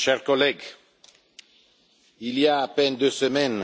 chers collègues il y a à peine deux semaines